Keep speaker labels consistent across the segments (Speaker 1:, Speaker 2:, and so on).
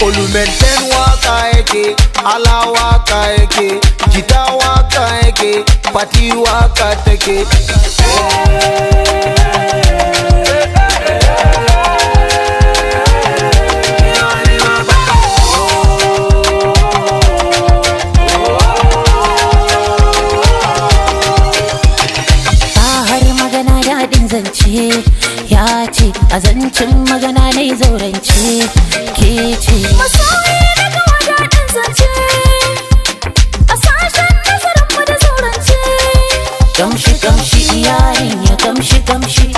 Speaker 1: Olumensen waka yake ala waka yake jita waka yake fati waka take
Speaker 2: zance ya ce a zancen magana ne zaurance ce masoyi na kawai daɗin zance a sashen nazarin mu da zaurance kamshi kamshi iyalin ya kamshi kamshi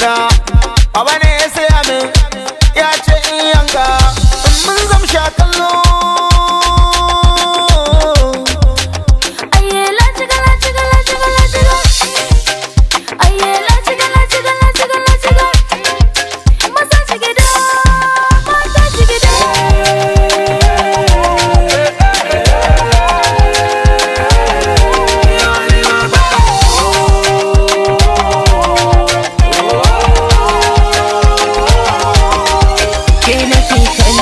Speaker 2: verdad.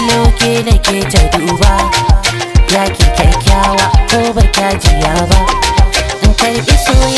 Speaker 2: loke ke ke ta duba ya ke kyakkyawa ko ba kya jiya ba in karɓi soyayya